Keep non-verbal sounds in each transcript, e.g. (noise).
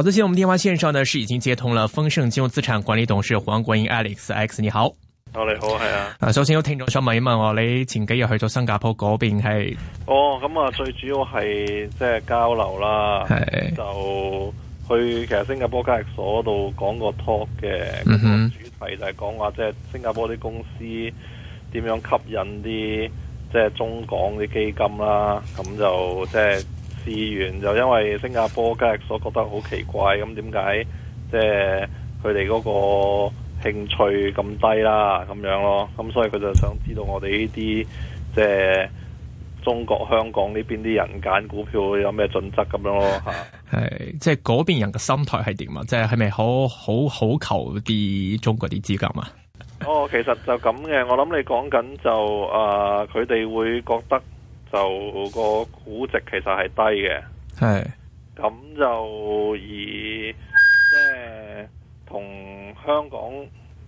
好，最近我們電話線上呢是已經接通了豐盛金融資產管理董事黃國英 Alex，Alex 你好。哦、你好係啊。首先有聽眾想問一問，我你前幾日去咗新加坡嗰邊係？哦，咁、嗯、啊，嗯嗯、最主要係即係交流啦，係嘿就去其實新加坡交易所嗰度講個 talk 嘅，嗯、哼主題就係講話即係新加坡啲公司點樣吸引啲即係中港啲基金啦，咁就即係。就是就是就是資源就因為新加坡交易所覺得好奇怪，咁點解即係佢哋嗰個興趣咁低啦？咁樣咯，咁所以佢就想知道我哋呢啲即係中國香港呢邊啲人揀股票有咩準則咁樣咯？吓，係即係嗰邊人嘅心態係點啊？即係係咪好好好求啲中國啲資金啊？ (laughs) 哦，其實就咁嘅，我諗你講緊就呃，佢哋會覺得。就、個估值其實係低嘅，係咁的就以即係同香港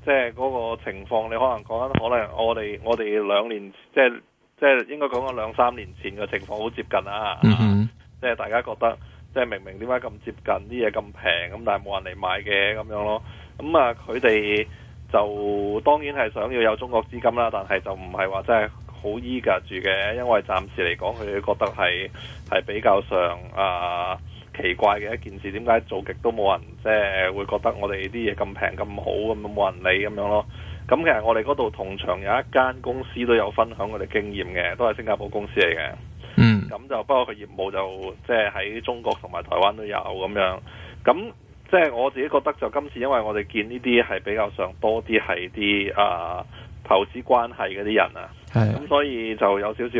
即係嗰、嗰個情況，你可能講緊可能我哋我哋兩年即係即係應該講緊兩三年前嘅情況好接近啦、嗯哼啊，即係大家覺得即係明明點解咁接近啲嘢咁平咁，但係冇人嚟買嘅咁樣咯，咁、嗯、啊佢哋就當然係想要有中國資金啦，但係就唔係話真係。即好依格住嘅，因為暫時嚟講，佢哋覺得係係比較上啊、呃、奇怪嘅一件事。點解做極都冇人，即係會覺得我哋啲嘢咁平咁好，咁冇人理咁樣咯。咁其實我哋嗰度同場有一間公司都有分享我哋經驗嘅，都係新加坡公司嚟嘅。嗯。咁就不過個業務就即係喺中國同埋台灣都有咁樣。咁即係我自己覺得就今次，因為我哋見呢啲係比較上多啲，係啲啊。投資關係嗰啲人啊，咁的所以就有少少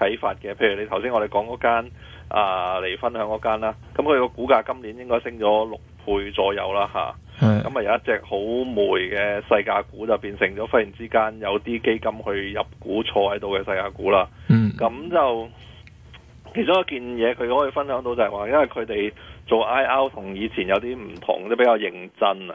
啟發嘅。譬如你頭先我哋講嗰間啊，嚟分享嗰間啦，咁佢個股價今年應該升咗六倍左右啦吓，咁啊的有一隻好霉嘅世界股就變成咗，忽然之間有啲基金去入股坐喺度嘅世界股啦。咁、嗯、就其中一件嘢佢可以分享到就係話，因為佢哋做 IR 同以前有啲唔同，都比較認真啊。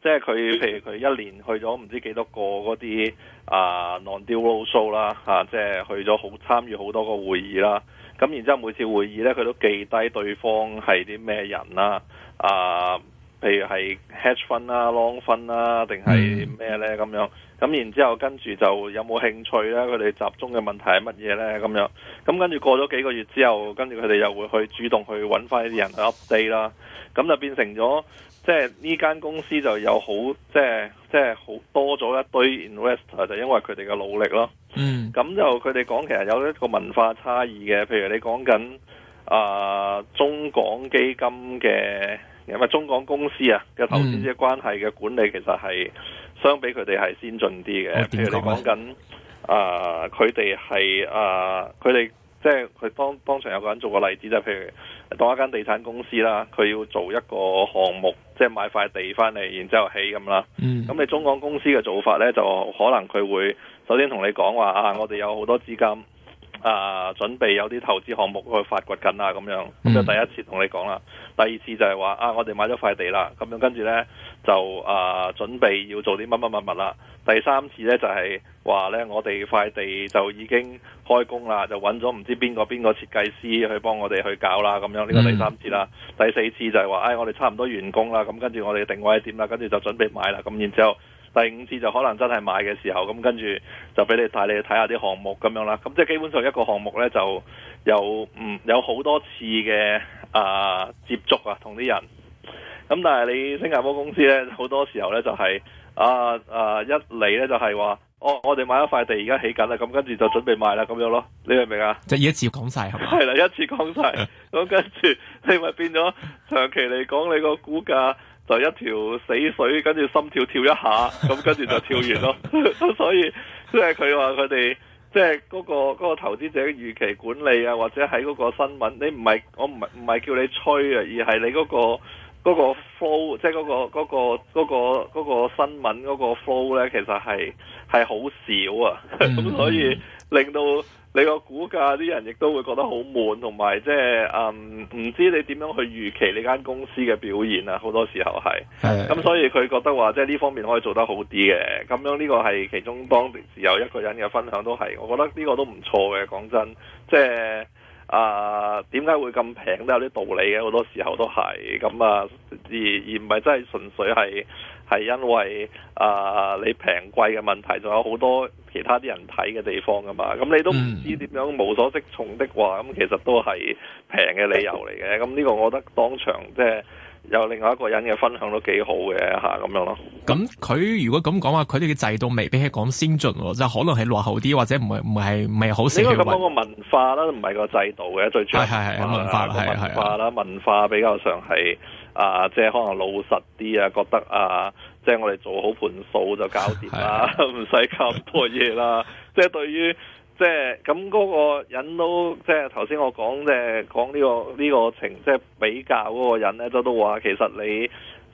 即係佢，譬如佢一年去咗唔知幾多個嗰啲啊 non deal show 啦，嚇，即係去咗好參與好多個會議啦。咁、啊、然之後每次會議呢，佢都記低對方係啲咩人啦，啊，譬如係 head 分啦、long 分啦，定係咩呢？咁樣？咁然之後跟住就有冇興趣呢？佢哋集中嘅問題係乜嘢呢？咁樣咁跟住過咗幾個月之後，跟住佢哋又會去主動去揾翻啲人去 update 啦、啊。咁就變成咗。即係呢間公司就有好即係即係好多咗一堆 investor，就因為佢哋嘅努力咯。嗯，咁就佢哋講其實有一個文化差異嘅，譬如你講緊啊中港基金嘅，因為中港公司啊嘅投資者關係嘅管理、嗯、其實係相比佢哋係先進啲嘅。譬如你講緊啊，佢哋係啊，佢哋、呃、即係佢當當場有個人做個例子，就譬如。當一間地產公司啦，佢要做一個項目，即係買塊地翻嚟，然之後起咁啦。咁你中港公司嘅做法咧，就可能佢會首先同你講話啊，我哋有好多資金。啊！準備有啲投資項目去發掘緊啊，咁樣咁就第一次同你講啦。第二次就係話啊，我哋買咗塊地啦，咁樣跟住呢，就啊準備要做啲乜乜乜物啦。第三次呢，就係話呢，我哋塊地就已經開工啦，就揾咗唔知邊個邊個設計師去幫我哋去搞啦，咁樣呢個第三次啦。第四次就係話唉，我哋差唔多完工啦，咁跟住我哋定位係點啦，跟住就準備買啦，咁然之後。第五次就可能真係買嘅時候，咁跟住就俾你帶你睇下啲項目咁樣啦。咁即係基本上一個項目呢，就有嗯，有好多次嘅啊接觸啊，同啲人。咁但係你新加坡公司呢，好多時候呢就係啊啊一嚟呢，就係話，哦，我哋買咗塊地，而家起緊啦，咁跟住就準備賣啦，咁樣咯。你明唔明啊？就一次講晒係嘛？係啦， (laughs) 一次講晒。咁跟住你咪變咗長期嚟講，你個股價。就一條死水，跟住心跳跳一下，咁跟住就跳完咯。 (laughs) (laughs) 所以即係佢話佢哋即係嗰個投資者預期管理啊，或者喺嗰個新聞，你唔係我唔唔係叫你吹啊，而係你嗰個嗰個 flow，即係嗰個嗰個新聞嗰個 flow 咧，其實係係好少啊。咁 (laughs) 所以令到。你個股價啲人亦都會覺得好悶，同埋即係嗯，唔知你點樣去預期你間公司嘅表現啊！好多時候係，咁是的、嗯、所以佢覺得話即係呢方面可以做得好啲嘅。咁樣呢個係其中當時有一個人嘅分享都係，我覺得呢個都唔錯嘅。講真，即係啊，呃、點解會咁平都有啲道理嘅，好多時候都係咁啊。而而唔係真係純粹係。係因為啊、呃，你平貴嘅問題，仲有好多其他啲人睇嘅地方噶嘛。咁你都唔知點樣，嗯、無所適從的話，咁其實都係平嘅理由嚟嘅。咁呢個我覺得當場即係有另外一個人嘅分享都幾好嘅吓咁樣咯。咁佢，嗯、如果咁講話，佢哋嘅制度未必係講先進喎，即係可能係落後啲，或者唔係唔係唔係好。呢講個文化啦，唔係個制度嘅最主要。係係文化，係文化係係係，文化，文化比較上係。啊，即係可能老實啲啊，覺得啊，即係我哋做好盤數就搞掂啦，唔使咁多嘢啦。 (laughs) 即係對於，即係咁嗰個人都，即係頭先我講嘅講呢個呢個情，即係比較嗰個人咧，都都話其實你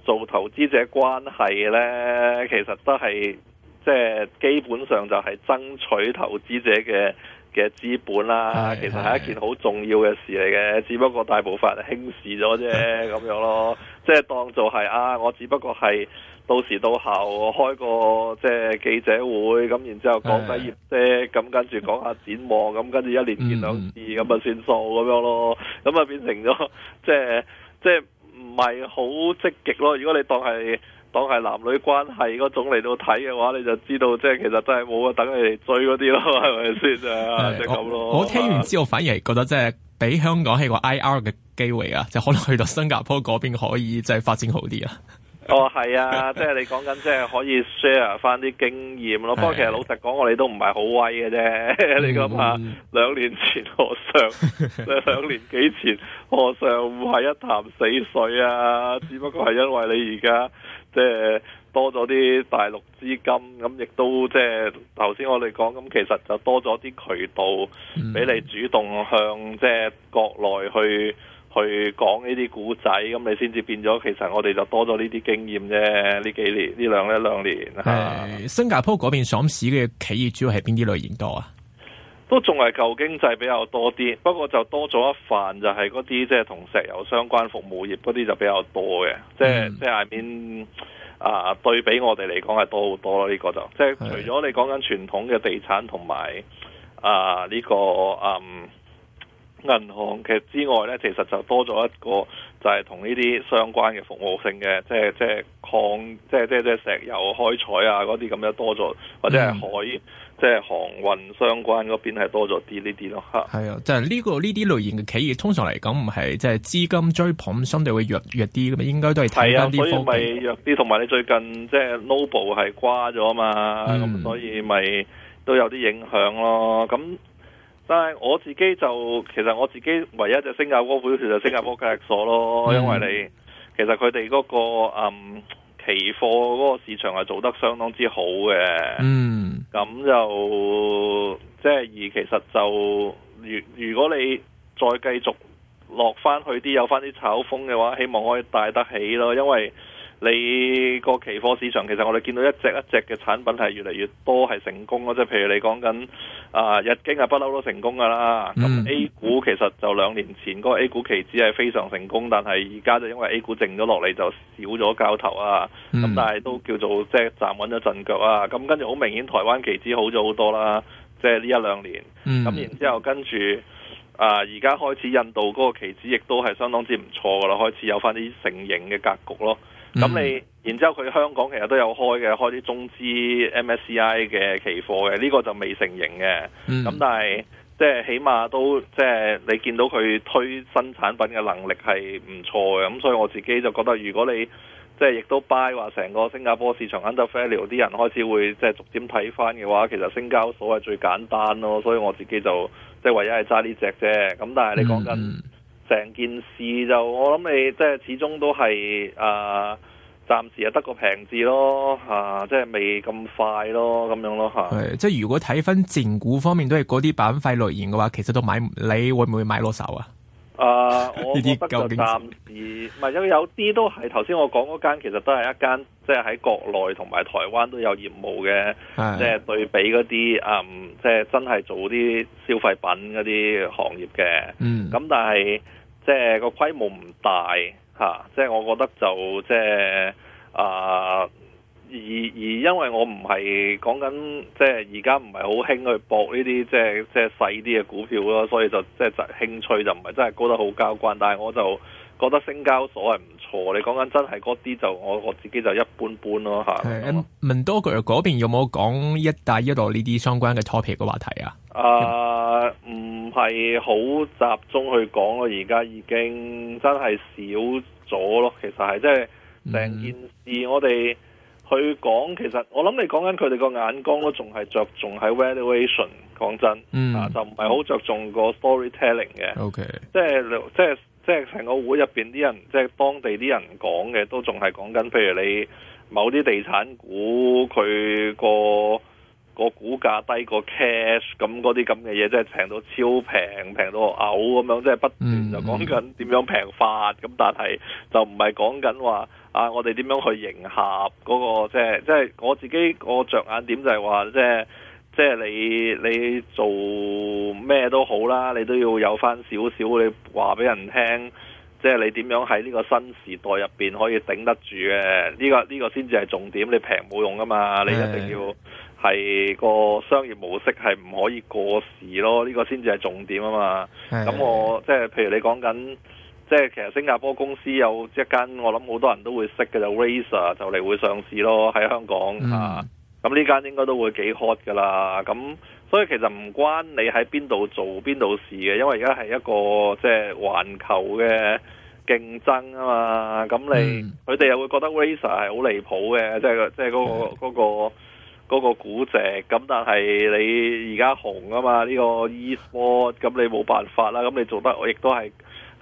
做投資者關係咧，其實都係即係基本上就係爭取投資者嘅嘅資本啦，啊，其實係一件好重要嘅事嚟嘅，只不過大部分輕視咗啫，咁樣咯，即係當做係啊，我只不過係到時到候開個即係記者會，咁然之後講低業績啫，咁 (noise) 跟住講下展望，咁跟住一年見兩次咁啊 (noise) 算數咁樣咯，咁啊變成咗即係即係唔係好積極咯，如果你當係。當係男女關係嗰種嚟到睇嘅話，你就知道即係其實真係冇啊，等你追嗰啲咯，係咪先啊？即係咁咯。我聽完之後反而覺得即係俾香港係個 IR 嘅機會啊，就可能去到新加坡嗰邊可以即係發展好啲啊。哦、喔，係啊， (laughs) 即係你講緊即係可以 share 翻啲經驗咯。不過是其實老實講，我哋都唔係好威嘅啫。 (laughs) 你講下話、嗯、兩年前何嘗 (laughs) 兩年幾前何嘗係一潭死水啊？只不過係因為你而家。即係多咗啲大陸資金，咁亦都即係頭先我哋講，咁其實就多咗啲渠道俾你主動向即係國內去去講呢啲古仔，咁你先至變咗。其實我哋就多咗呢啲經驗啫。呢幾年呢兩一兩年，係新加坡嗰邊上市嘅企業主要係邊啲類型多啊？都仲係舊經濟比較多啲，不過就多咗一份就係嗰啲即係同石油相關服務業嗰啲就比較多嘅，嗯、即係即係下面啊對比我哋嚟講係多好多咯，呢個就即係除咗你講緊傳統嘅地產同埋啊呢個啊、嗯、銀行嘅之外呢，其實就多咗一個就係同呢啲相關嘅服務性嘅，即係即係礦，即係即係即係石油開採啊嗰啲咁樣多咗，或者係海。嗯嗯即係航運相關嗰邊係多咗啲呢啲咯，嚇係啊，就係、是、呢、呢個呢啲類型嘅企業通常嚟講唔係即係資金追捧，相對會弱弱啲咁嘛，應該都係睇翻啲科技。所以咪、啊、弱啲，同埋你最近即係 Noble 係瓜咗嘛，咁、啊、所以咪都有啲影響咯。咁但係我自己就其實我自己唯一就新加坡股就係、新加坡交易所咯，因為你、嗯、其實佢哋嗰個嗯。期貨嗰個市場係做得相當之好嘅。嗯，咁就即係而其實就如如果你再繼續落翻去啲有翻啲炒風嘅話，希望可以帶得起咯，因為。你個期貨市場其實我哋見到一隻一隻嘅產品係越嚟越多係成功咯，即係譬如你講緊啊日經係不嬲都成功㗎啦。咁、嗯、A 股其實就兩年前嗰、嗰個 A 股期指係非常成功，但係而家就因為 A 股靜咗落嚟就少咗交投啊。咁、嗯、但係都叫做即係、即係、站穩咗陣腳啊。咁跟住好明顯台灣期指好咗好多啦，即係呢一兩年。咁、嗯、然之後跟住啊，而家開始印度嗰個期指亦都係相當之唔錯㗎啦，開始有返啲成形嘅格局咯。咁你，嗯、然之後佢香港其實都有開嘅，開啲中資 MSCI 嘅期貨嘅，呢、這個就未成型嘅。咁、嗯、但係，即、就、係、是、起碼都，即、就、係、是、你見到佢推新產品嘅能力係唔錯嘅。咁所以我自己就覺得，如果你即係亦都 buy 話，成個新加坡市場 undervalue，啲人開始會即係、就是、逐點睇翻嘅話，其實星交所係最簡單咯。所以我自己就即係、就是、唯一係揸呢隻啫。咁但係你講緊、嗯。嗯成件事就我諗你即係始終都係啊、呃，暫時又得個平字咯吓、啊，即係未咁快咯咁樣咯吓。係 s ert、呃、即係如果睇翻正股方面都係嗰啲板塊類型嘅話，其實都買你會唔會買落手啊？啊、呃，我覺得就暫時唔係有有啲都係頭先我講嗰間，其實都係一間即係喺國內同埋台灣都有業務嘅，係嘅，即係對比嗰啲嗯，即係真係做啲消費品嗰啲行業嘅，嗯，咁但係即係個規模唔大嚇，即係、這個啊、我覺得就即係啊。而而因為我唔係講緊，即係而家唔係好興去搏呢啲，即係即係細啲嘅股票咯，所以就即係就興趣就唔係真係高得好交關。但係我就覺得新交所係唔錯。你講緊真係嗰啲就我我自己就一般般咯嚇。咁問、啊、多句，o 嗰邊有冇講一帶一路呢啲相關嘅 topic 嘅話題啊？誒、啊，唔係好集中去講咯，而家已經真係少咗咯。其實係即係成件事我、嗯，我哋。佢講其實，我諗你講緊佢哋個眼光都仲係着重喺 valuation。講真，mm. 啊，啊就唔係好着重個 storytelling 嘅。OK，即係即係即係成個會入邊啲人，即係當地啲人講嘅，都仲係講緊，譬如你某啲地產股佢個。個股價低過 cash 咁嗰啲咁嘅嘢，即係平到超平，平到嘔咁樣，即係不斷就講緊點樣平法。咁但係就唔係講緊話啊，我哋點樣去迎合嗰個即係即係我自己個着眼點就係話即係即係你你做咩都好啦，你都要有翻少少你話俾人聽，即係你點樣喺呢個新時代入邊可以頂得住嘅呢個呢個先至係重點。你平冇用噶嘛，你一定要。係個商業模式係唔可以過時咯，呢、這個先至係重點啊嘛。咁我即係譬如你講緊，即係其實新加坡公司有一間，我諗好多人都會識嘅就 Razer，就嚟會上市咯喺香港嚇。咁呢、嗯啊、間應該都會幾 hot 噶啦。咁所以其實唔關你喺邊度做邊度事嘅，因為而家係一個即係環球嘅競爭啊嘛。咁你佢哋、嗯、又會覺得 Razer 係好離譜嘅，即係即係嗰個嗰個。嗰個股值咁，但係你而家紅啊嘛？呢個 E 貨咁，port，你冇辦法啦。咁你做得，我亦都係。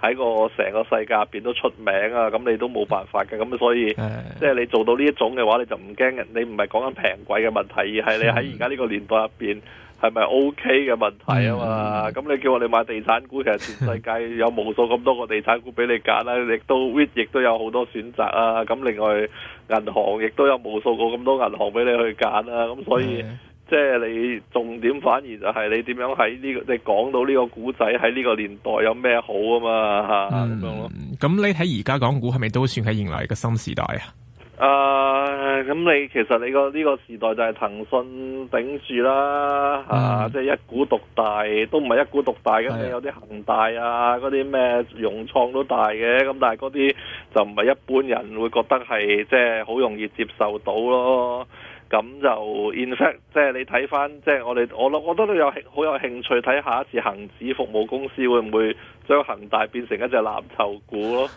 喺個成個世界入邊都出名啊，咁你都冇辦法嘅，咁所以的即係你做到呢一種嘅話，你就唔驚。你唔係講緊平貴嘅問題，而係你喺而家呢個年代入邊係咪 OK 嘅問題啊嘛。咁、嗯、你叫我哋買地產股，其實全世界有無數咁多個地產股俾你揀啊，亦 (laughs) 都亦都有好多選擇啊。咁另外銀行亦都有無數個咁多銀行俾你去揀啊。咁所以。即係你重點反而就係你點樣喺呢、這個你講到呢個古仔喺呢個年代有咩好啊嘛吓，咁、嗯、樣咯。咁、嗯、你喺而家港股係咪都算係迎來一個新時代啊？誒，咁你其實你個呢個時代就係騰訊頂住啦吓、嗯啊，即係一股獨大都唔係一股獨大嘅，嗯、有啲恒大啊，嗰啲咩融創都大嘅，咁但係嗰啲就唔係一般人會覺得係即係好容易接受到咯。咁就 in fact，即係你睇翻，即係我哋我我我都都有好有興趣睇下一次恒指服務公司會唔會將恒大變成一隻藍籌股咯？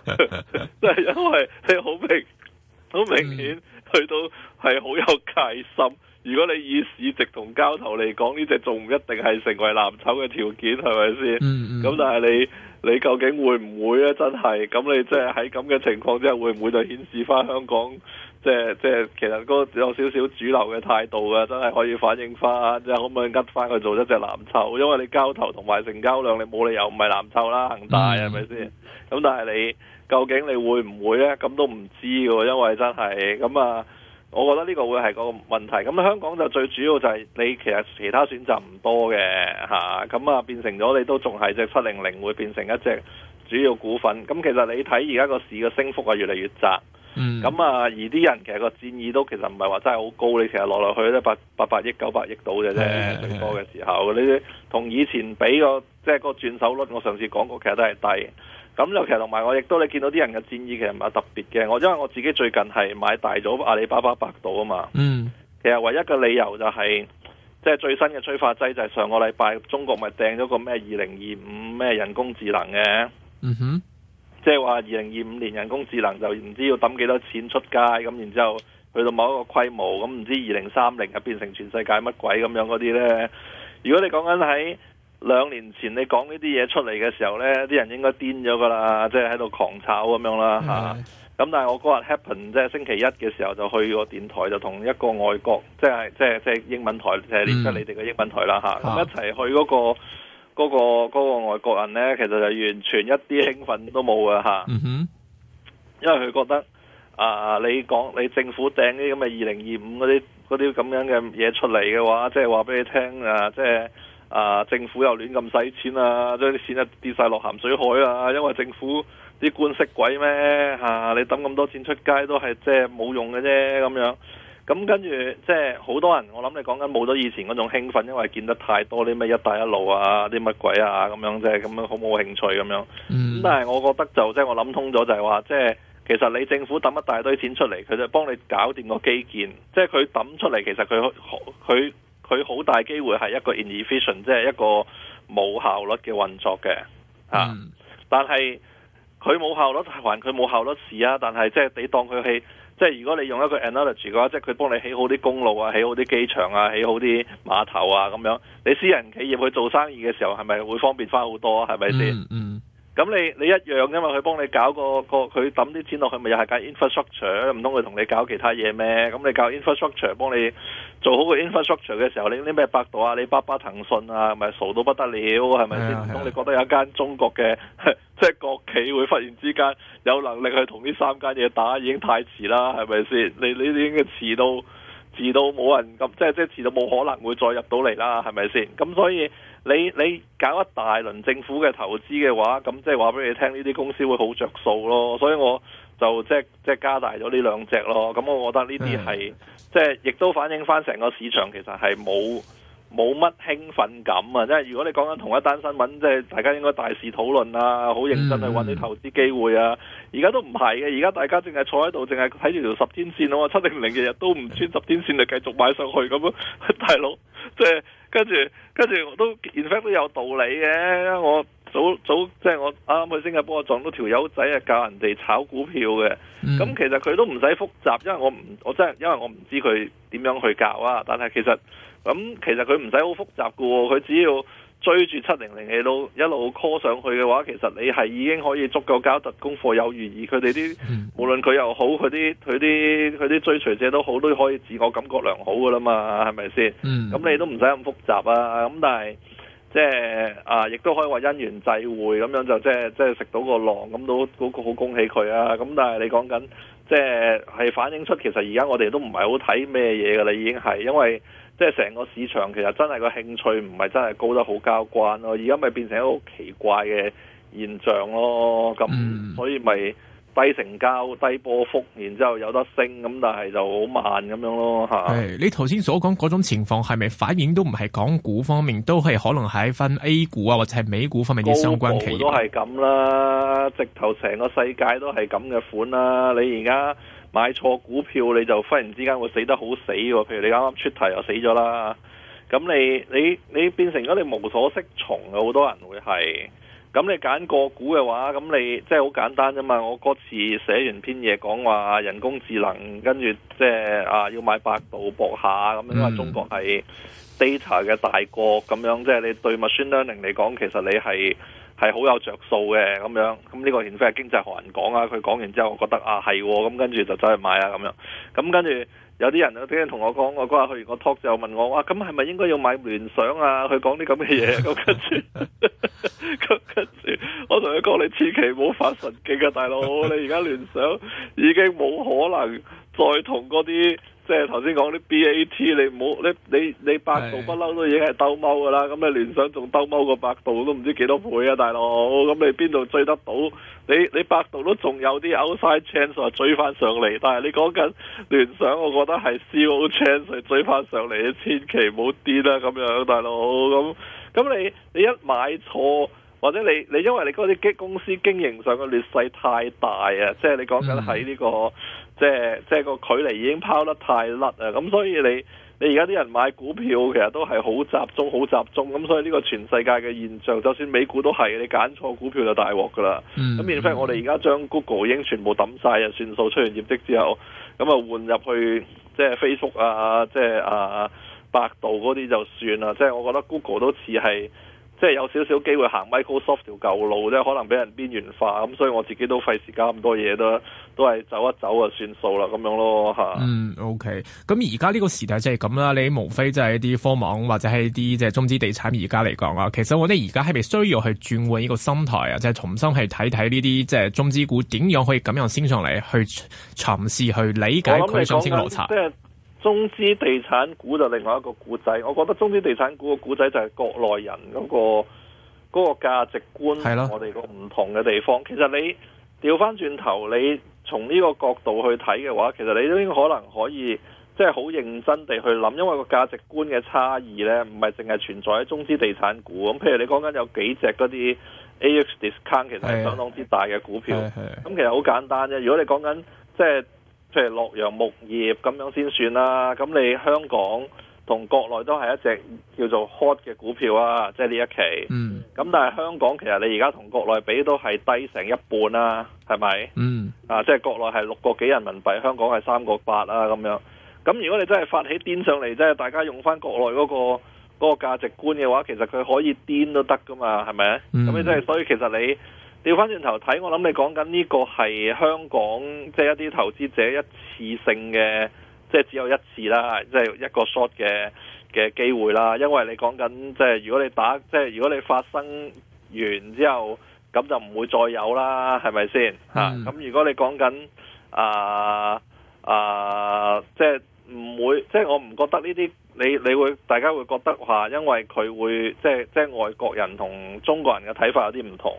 即 (laughs) 係 (laughs) 因為你好明好明顯去到係好有戒心。如果你以市值同交投嚟講，呢隻仲唔一定係成為藍籌嘅條件，係咪先？咁 (laughs) 但係你你究竟會唔會咧？真係咁你即係喺咁嘅情況之下，會唔會就顯示翻香港？即係即係，其實嗰個有少少主流嘅態度啊，真係可以反映翻，即係可唔可以噏翻去做一隻藍籌？因為你交投同埋成交量，你冇理由唔係藍籌啦，恒大係咪先？咁、嗯嗯、但係你究竟你會唔會咧？咁都唔知嘅喎，因為真係咁、嗯、啊，我覺得呢個會係個問題。咁、嗯、香港就最主要就係你其實其他選擇唔多嘅嚇，咁啊、嗯、變成咗你都仲係隻七零零會變成一隻主要股份。咁、嗯嗯、其實你睇而家個市嘅升幅啊，越嚟越窄。咁、嗯、啊，而啲人其實個戰意都其實唔係話真係好高，你其實落落去都八百億九百億到嘅啫，最多嘅時候，呢啲同以前比個即係個轉手率，我上次講過其實都係低。咁又其實同埋我亦都你見到啲人嘅戰意其實唔係特別嘅，我因為我自己最近係買大咗阿里巴巴、百度啊嘛。嗯。其實唯一嘅理由就係即係最新嘅催化劑就係上個禮拜中國咪掟咗個咩二零二五咩人工智能嘅。嗯哼。即係話二零二五年人工智能就唔知要揼幾多錢出街咁，然之後去到某一個規模咁，唔知二零三零係變成全世界乜鬼咁樣嗰啲咧？如果你講緊喺兩年前你講呢啲嘢出嚟嘅時候咧，啲人應該癲咗噶啦，即係喺度狂炒咁樣啦嚇。咁、mm hmm. 啊、但係我嗰日 happen 即係星期一嘅時候就去個電台，就同一個外國即係即係即係英文台，即係連得你哋嘅英文台啦咁、mm hmm. 啊、一齊去嗰個。嗰、那個嗰、那個外國人呢，其實就完全一啲興奮都冇嘅嚇，啊 mm hmm. 因為佢覺得啊、呃，你講你政府掟啲咁嘅二零二五嗰啲嗰啲咁樣嘅嘢出嚟嘅話，即係話俾你聽啊，即係啊政府又亂咁使錢啊，將啲錢啊跌晒落鹹水海啊，因為政府啲官識鬼咩、啊、嚇、啊，你抌咁多錢出街都係即係冇用嘅啫咁樣。咁跟住，即係好多人，我諗你講緊冇咗以前嗰種興奮，因為見得太多啲咩一帶一路啊，啲乜鬼啊咁樣，即係咁樣咁樣好冇興趣咁樣。咁但係我覺得就即係我諗通咗，就係話即係其實你政府抌一大堆錢出嚟，佢就幫你搞掂個基建。即係佢抌出嚟，其實佢好佢佢好大機會係一個 inefficient，即係一個冇效率嘅運作嘅。嚇、啊！嗯、但係佢冇效率還佢冇效率事啊！但係即係你當佢係。即係如果你用一個 analogy 嘅話，即係佢幫你起好啲公路啊，起好啲機場啊，起好啲碼頭啊咁樣，你私人企業去做生意嘅時候係咪會方便翻好多啊？係咪先？嗯嗯。咁你你一樣，因為佢幫你搞個佢抌啲錢落去，咪又係搞 infrastructure，唔通佢同你搞其他嘢咩？咁你搞 infrastructure 幫你做好個 infrastructure 嘅時候，你啲咩百度啊、阿里巴巴、騰訊啊，咪傻到不得了，係咪先？唔通、啊啊、你覺得有一間中國嘅即係國企會忽然之間有能力去同呢三間嘢打，已經太遲啦，係咪先？你你你已經遲到。遲到冇人咁，即係即係遲到冇可能會再入到嚟啦，係咪先？咁所以你你搞一大輪政府嘅投資嘅話，咁即係話俾你聽，呢啲公司會好着數咯。所以我就即係即係加大咗呢兩隻咯。咁我覺得呢啲係，即係亦都反映翻成個市場，其實係冇。冇乜興奮感啊！即係如果你講緊同一單新聞，即係大家應該大肆討論啊，好認真去揾啲投資機會啊！而家都唔係嘅，而家大家淨係坐喺度，淨係睇住條十天線啊嘛，七零零日日都唔穿十天線就繼續買上去咁咯，大佬！即係跟住跟住我都 in fact 都有道理嘅，我。早早即係我啱啱去新加坡，撞到條友仔啊，教人哋炒股票嘅。咁、嗯、其實佢都唔使複雜，因為我唔我真係，因為我唔知佢點樣去教啊。但係其實咁、嗯，其實佢唔使好複雜噶喎、啊。佢只要追住七零零起到一路 call 上去嘅話，其實你係已經可以足夠交特功課有餘。而佢哋啲無論佢又好，佢啲佢啲佢啲追隨者都好，都可以自我感覺良好噶啦嘛，係咪先？咁、嗯嗯、你都唔使咁複雜啊。咁但係。即係啊，亦都可以話因緣際會咁樣就即係即係食到個狼，咁都嗰個好恭喜佢啊！咁但係你講緊即係反映出其實而家我哋都唔係好睇咩嘢㗎啦，已經係因為即係成個市場其實真係個興趣唔係真係高得好交關咯，而家咪變成一個好奇怪嘅現象咯，咁所以咪。低成交、低波幅，然之後有得升咁，但係就好慢咁樣咯嚇。係、啊、你頭先所講嗰種情況，係咪反映都唔係港股方面，都係可能喺分 A 股啊，或者係美股方面啲相關企業都係咁啦，直頭成個世界都係咁嘅款啦。你而家買錯股票，你就忽然之間會死得好死喎。譬如你啱啱出題又死咗啦，咁你你你變成咗你無所適從嘅好多人會係。咁你揀個股嘅話，咁你即係好簡單啫嘛！我嗰次寫完篇嘢講話人工智能，跟住即係啊要買百度博下，咁因為中國係 data 嘅大國，咁樣即係你對 machine learning 嚟講，其實你係係好有着數嘅咁樣。咁呢個顯係經濟學人講啊，佢講完之後，我覺得啊係，咁跟住就走去買啊咁樣。咁跟住。有啲人，有人我聽日同我講，我佢去完我 talk 就後問我，哇、啊，咁係咪應該要買聯想啊？佢講啲咁嘅嘢，咁跟住，咁 (laughs) (laughs) 跟住，我同佢講你千祈唔好發神經啊，大佬，你而家聯想已經冇可能再同嗰啲。即係頭先講啲 BAT，你唔好你你你百度不嬲都已經係兜踎噶啦，咁你聯想仲兜踎過百度都唔知幾多倍啊，大佬！咁你邊度追得到？你你百度都仲有啲 outside chance 追翻上嚟，但係你講緊聯想，我覺得係 small chance 追翻上嚟，千祈唔好跌啦咁樣，大佬咁咁你你一買錯，或者你你因為你嗰啲公司經營上嘅劣勢太大啊，即係你講緊喺呢個。嗯即係即係個距離已經拋得太甩啊！咁所以你你而家啲人買股票其實都係好集中好集中咁，所以呢個全世界嘅現象，就算美股都係，你揀錯股票就大鑊噶啦。咁變返，hmm. 我哋而家將 Google 已經全部抌晒，啊，算數出完業績之後，咁啊換入去即係、就是、Facebook 啊，即、就、係、是、啊百度嗰啲就算啦。即、就、係、是、我覺得 Google 都似係。即係有少少機會行 Microsoft 條舊路，即係可能俾人邊緣化，咁所以我自己都費時間咁多嘢都都係走一走就算數啦，咁樣咯嚇。嗯，OK。咁而家呢個時代即係咁啦，你無非即係一啲科網或者係啲即係中資地產而家嚟講啊，其實我哋而家係咪需要去轉換呢個心態啊？即係重新去睇睇呢啲即係中資股點樣可以咁樣升上嚟，去嘗試去理解佢想上升邏輯。中資地產股就另外一個故仔，我覺得中資地產股個故仔就係國內人嗰個嗰個價值觀，我哋個唔同嘅地方。的其實你調翻轉頭，你從呢個角度去睇嘅話，其實你都應該可能可以即係好認真地去諗，因為個價值觀嘅差異呢，唔係淨係存在喺中資地產股咁。譬如你講緊有幾隻嗰啲 A X discount 其實係相當之大嘅股票，咁的其實好簡單啫。如果你講緊即係。譬如洛陽木業咁樣先算啦，咁你香港同國內都係一隻叫做 hot 嘅股票啊，即係呢一期。嗯。咁但係香港其實你而家同國內比都係低成一半啦，係咪？嗯。啊，即係國內係六個幾人民幣，香港係三個八啦，咁樣。咁如果你真係發起癲上嚟，即係大家用翻國內嗰個嗰個價值觀嘅話，其實佢可以癲都得噶嘛，係咪？嗯。你真係，所以其實你。調翻轉頭睇，我諗你講緊呢個係香港，即係一啲投資者一次性嘅，即係只有一次啦，即係一個 shot 嘅嘅機會啦。因為你講緊，即係如果你打，即係如果你發生完之後，咁就唔會再有啦，係咪先？嚇、嗯，咁、啊、如果你講緊啊啊，即係唔會，即係我唔覺得呢啲，你你會大家會覺得話、啊，因為佢會即係即係外國人同中國人嘅睇法有啲唔同。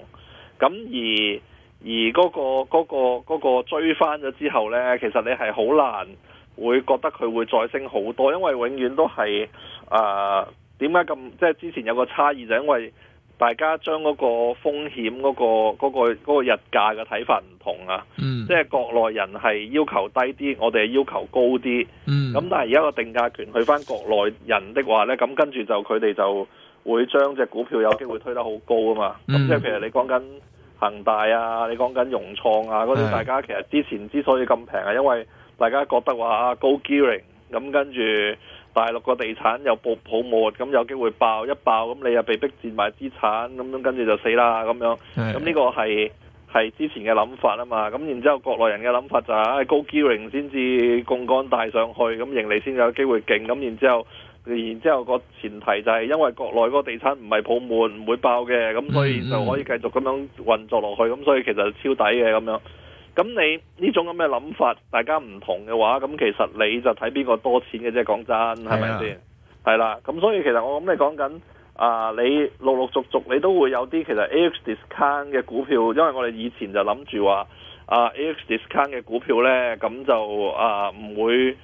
咁而而嗰個嗰個嗰個追翻咗之後咧，其實你係好難會覺得佢會再升好多，因為永遠都係誒點解咁？即係之前有個差異，就係因為大家將嗰個風險嗰個嗰個嗰個日價嘅睇法唔同啊，嗯、即係國內人係要求低啲，我哋要求高啲。咁、嗯、但係而家個定價權去翻國內人的話咧，咁跟住就佢哋就。會將隻股票有機會推得好高啊嘛！咁、嗯、即係其實你講緊恒大啊，你講緊融創啊嗰啲，的大家其實之前之所以咁平啊，因為大家覺得話啊高 gearing 咁，跟住大陸個地產又暴泡沫咁，有機會爆一爆咁，你又被逼賤賣資產咁、嗯、樣，跟住就死啦咁樣。咁呢、嗯這個係係之前嘅諗法啊嘛。咁、嗯、然之後國內人嘅諗法就係、是、高 gearing，先至槓桿帶上去，咁、嗯、盈利先有機會勁。咁、嗯、然之後。然之後個前提就係因為國內嗰個地產唔係泡沫，唔會爆嘅，咁所以就可以繼續咁樣運作落去，咁所以其實超抵嘅咁樣。咁你呢種咁嘅諗法，大家唔同嘅話，咁其實你就睇邊個多錢嘅啫。講真，係咪先？係啦。咁所以其實我諗你講緊啊，你陸陸續續你都會有啲其實 AX discount 嘅股票，因為我哋以前就諗住話啊 AX discount 嘅股票呢，咁就啊唔、呃、會。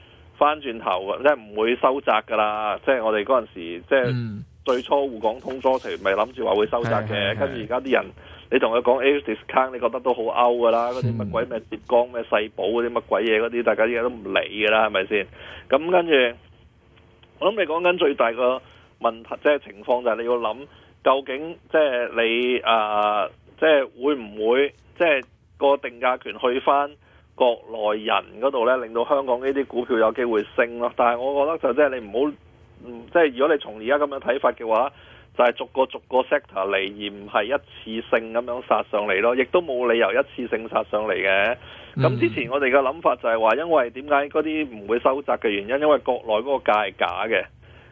翻轉頭，即係唔會收窄噶啦。即係我哋嗰陣時，即係、嗯、最初滬港通初期，咪諗住話會收窄嘅。跟住而家啲人，你同佢講 AH discount，你覺得都好 out 噶啦。嗰啲乜鬼咩浙江咩細寶嗰啲乜鬼嘢嗰啲，大家依家都唔理噶啦，係咪先？咁跟住，我諗你講緊最大個問題，即係情況就係你要諗，究竟即係你啊，即係會唔會即係個定價權去翻？國內人嗰度咧，令到香港呢啲股票有機會升咯。但係我覺得就即係你唔好、嗯，即係如果你從而家咁樣睇法嘅話，就係、是、逐個逐個 sector 嚟，而唔係一次性咁樣殺上嚟咯。亦都冇理由一次性殺上嚟嘅。咁之前我哋嘅諗法就係話，因為點解嗰啲唔會收窄嘅原因，因為國內嗰個價係假嘅。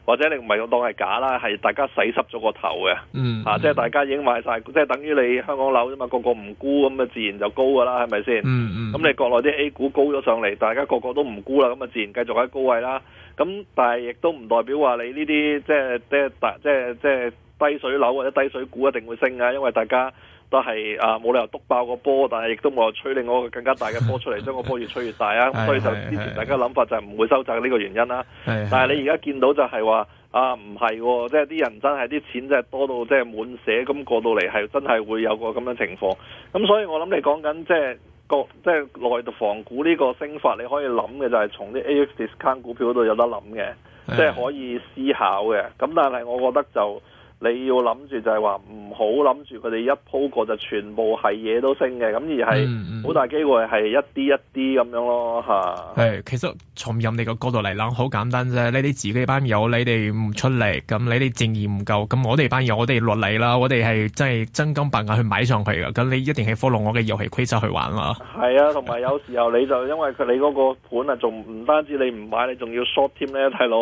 或者你唔係當係假啦，係大家洗濕咗個頭嘅，嚇、嗯啊！即係大家已經買晒，嗯、即係等於你香港樓啫嘛，個個唔沽咁啊，自然就高噶啦，係咪先？咁、嗯嗯、你國內啲 A 股高咗上嚟，大家個個都唔沽啦，咁啊，自然繼續喺高位啦。咁但係亦都唔代表話你呢啲即係即係大即係即係低水樓或者低水股一定會升啊，因為大家。都係啊，冇理由篤爆個波，但係亦都冇話吹另外一個更加大嘅波出嚟， (laughs) 將個波越吹越大啊！ (laughs) 所以就之前大家諗法就係唔會收窄呢個原因啦。 (laughs) 但係你而家見到就係話啊，唔係喎，即係啲人真係啲錢真係多到即係滿瀉，咁過到嚟係真係會有個咁樣情況。咁所以我諗你講緊即係個即係內度房股呢個升法，你可以諗嘅就係從啲 A 股 discount 股票嗰度有得諗嘅，即係 (laughs) (laughs) 可以思考嘅。咁但係我覺得就。你要諗住就係話唔好諗住佢哋一鋪過就全部係嘢都升嘅，咁而係好大機會係一啲一啲咁樣咯，吓。係、嗯，嗯嗯、其實從任你個角度嚟諗，好簡單啫。你哋自己班友你哋唔出嚟，咁你哋正義唔夠，咁我哋班友我哋落嚟啦，我哋係真係真金白銀去買上去噶。咁你一定係 follow 我嘅遊戲規則去玩啦。係啊，同埋有，有時候你就 (laughs) 因為佢你嗰個盤啊，仲唔單止你唔買，你仲要 short 添咧，大佬。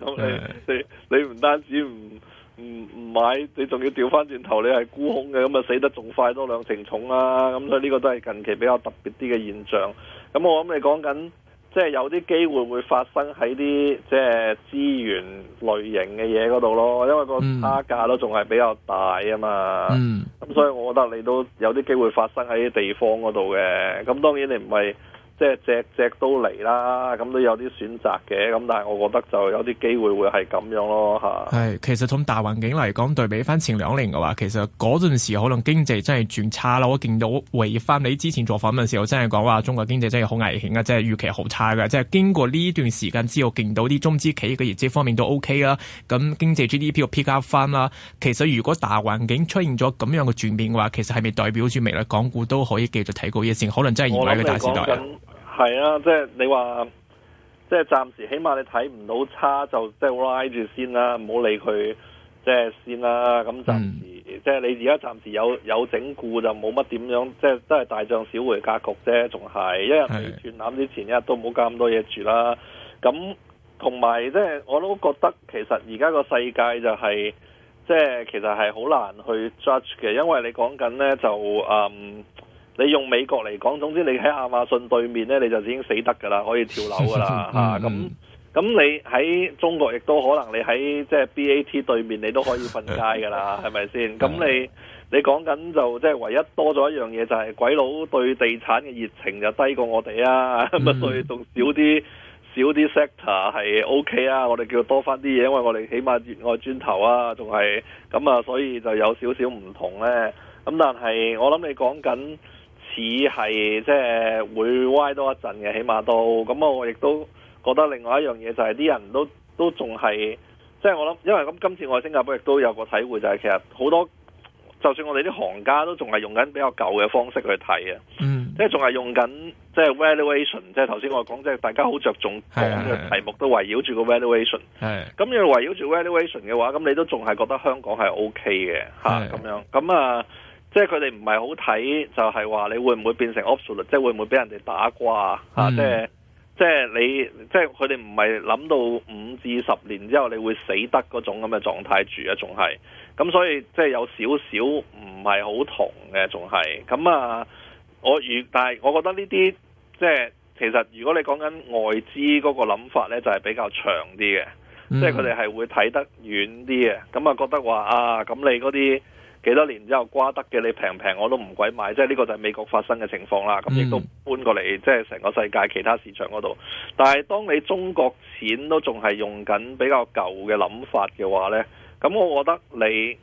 咁 (laughs) 你是你你唔單止唔。唔唔買，你仲要掉翻轉頭，你係沽空嘅，咁啊死得仲快多兩成重啦、啊，咁、嗯、所以呢個都係近期比較特別啲嘅現象。咁我諗你講緊，即係有啲機會會發生喺啲即係資源類型嘅嘢嗰度咯，因為個差價都仲係比較大啊嘛。咁、嗯、所以我覺得你都有啲機會發生喺啲地方嗰度嘅。咁、嗯、當然你唔係。即係隻隻都嚟啦，咁都有啲選擇嘅，咁但係我覺得就有啲機會會係咁樣咯嚇。係、哎，其實從大環境嚟講，對比翻前兩年嘅話，其實嗰陣時可能經濟真係轉差咯。我見到回憶翻你之前做訪問嘅時候，真係講話中國經濟真係好危險嘅，即係預期好差嘅。即係經過呢段時間之後，見到啲中資企業嘅業績方面都 OK 啦、啊。咁經濟 GDP 又 pick up 翻啦。其實如果大環境出現咗咁樣嘅轉變嘅話，其實係咪代表住未來港股都可以繼續提高嘅先，可能真係而家嘅大時代、啊。係啊，即、就、係、是、你話，即、就、係、是、暫時，起碼你睇唔到差，就即係拉住先啦，唔好理佢即係先啦。咁、就是啊、暫時，即係、嗯、你而家暫時有有整固就冇乜點樣，即、就、係、是、都係大漲小回格局啫，仲係。是一日未斷纜之前，一日都唔好加咁多嘢住啦。咁同埋即係我都覺得其實而家個世界就係即係其實係好難去 judge 嘅，因為你講緊呢就嗯。你用美國嚟講，總之你喺亞馬遜對面呢，你就已經死得㗎啦，可以跳樓㗎啦嚇。咁咁你喺中國亦都可能你喺即係、就是、BAT 對面，你都可以瞓街㗎啦，係咪先？咁你你講緊就即係唯一多咗一樣嘢、就是，就係鬼佬對地產嘅熱情就低過我哋啊，咁啊、嗯、 (laughs) 所以仲少啲少啲 sector 係 OK 啊，我哋叫多翻啲嘢，因為我哋起碼熱愛磚頭啊，仲係咁啊，所以就有少少唔同咧。咁但係我諗你講緊。只係即係會歪多一陣嘅，起碼都咁啊！我亦都覺得另外一樣嘢就係、是、啲人都都仲係即係我諗，因為咁今次我喺新加坡亦都有個體會、就是，就係其實好多就算我哋啲行家都仲係用緊比較舊嘅方式去睇嘅，嗯，即係仲係用緊即係 valuation，即係頭先我講即係大家好着重講嘅題目都圍繞住個 valuation，係咁要圍繞住 valuation 嘅話，咁你都仲係覺得香港係 OK 嘅嚇咁樣，咁啊。即係佢哋唔係好睇，就係話你會唔會變成 obsolete，即係會唔會俾人哋打瓜？嗯、啊？即係即係你，即係佢哋唔係諗到五至十年之後，你會死得嗰種咁嘅狀態住啊？仲係咁，所以即係有少少唔係好同嘅，仲係咁啊！我如但係，我覺得呢啲即係其實，如果你講緊外資嗰個諗法咧，就係比較長啲嘅，即係佢哋係會睇得遠啲嘅，咁啊覺得話啊，咁你嗰啲。幾多年之後瓜得嘅，你平平我都唔鬼買，即係呢個就係美國發生嘅情況啦。咁亦都搬過嚟，即係成個世界其他市場嗰度。但係當你中國錢都仲係用緊比較舊嘅諗法嘅話呢，咁我覺得你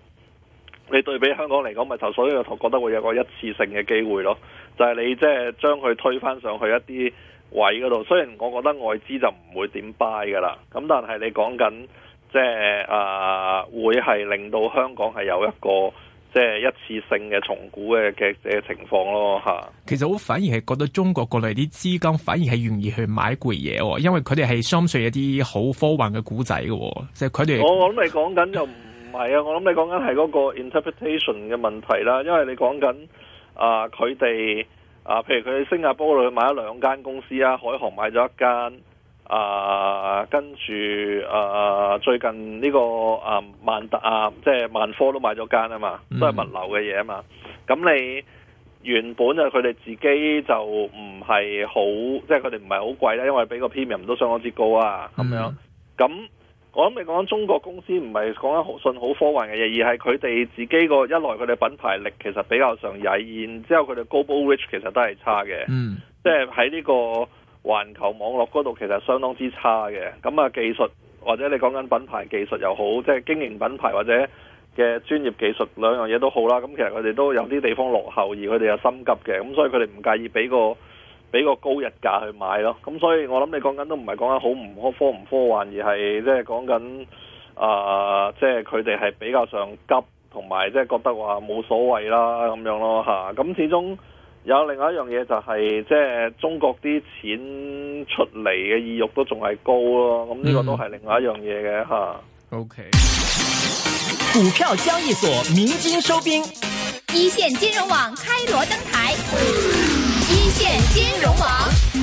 你對比香港嚟講，咪、就、投、是、所所以我覺得會有個一次性嘅機會咯。就係、是、你即係將佢推翻上去一啲位嗰度。雖然我覺得外資就唔會點 buy 噶啦，咁但係你講緊即係啊、呃，會係令到香港係有一個。即係一次性嘅重估嘅嘅嘅情況咯嚇，其實我反而係覺得中國國內啲資金反而係願意去買攰嘢、哦，因為佢哋係相信一啲好科幻嘅古仔嘅，即係佢哋。我我諗你講緊就唔係啊，我諗你講緊係嗰個 interpretation 嘅問題啦，因為你講緊啊佢哋啊，譬如佢喺新加坡嗰度買咗兩間公司啊，海航買咗一間。啊，跟住啊，最近呢、這個啊萬達啊，即係萬科都買咗間啊嘛，都係物流嘅嘢啊嘛。咁、嗯、你原本啊，佢哋自己就唔係好，即係佢哋唔係好貴啦，因為俾個 Premium 都相當之高啊。咁、嗯、樣咁，我諗你講中國公司唔係講緊好信好科幻嘅嘢，而係佢哋自己個一來佢哋品牌力其實比較上曳，然之後佢哋 Global Reach 其實都係差嘅。嗯，即係喺呢個。環球網絡嗰度其實相當之差嘅，咁啊技術或者你講緊品牌技術又好，即係經營品牌或者嘅專業技術兩樣嘢都好啦。咁其實佢哋都有啲地方落後，而佢哋又心急嘅，咁所以佢哋唔介意俾個俾個高日價去買咯。咁所以我諗你講緊都唔係講緊好唔科科唔科幻，而係即係講緊啊，即係佢哋係比較上急，同埋即係覺得話冇所謂啦咁樣咯嚇。咁始終。有另外一樣嘢就係、是，即、就、係、是、中國啲錢出嚟嘅意欲都仲係高咯、啊，咁、嗯、呢、嗯、個都係另外一樣嘢嘅嚇。啊、OK，股票交易所鳴金收兵，一線金融網開鑼登台，一線金融網。